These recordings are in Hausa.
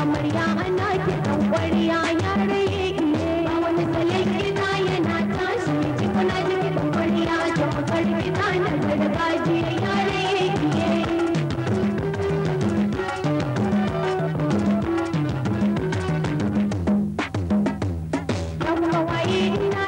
amarya ana ki dan kwariya yare yake ba wani salon gida yana tashi ji kuna ji dan kwariya gida na gargajiya yare yake yan wawaye ina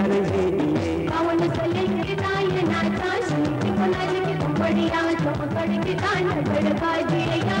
बढ़िया चौपड़ किसान गढ़ का जिया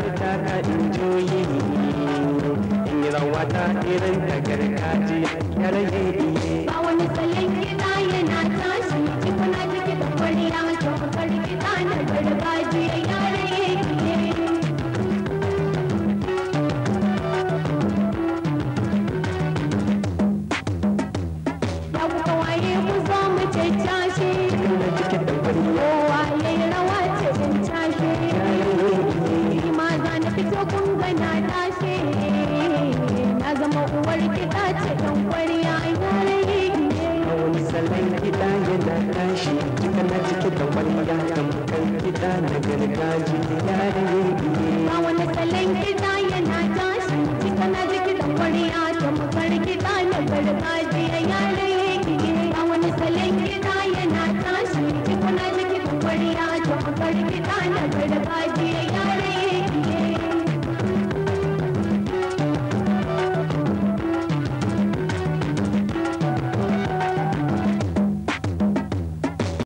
ce tashi kowa ya yi rawa in tashi ni ma za na fito kun gana tashi na zama uwar kiɗa ce ɗan ƙwarya yare misalai kiɗa yana tashi kiɗa na ciki da ƙwarya tamkar kiɗa na gargajiya yare ba wani salon kiɗa yana tashi kiɗa na ciki da ƙwarya tamkar kiɗa na gargajiya yare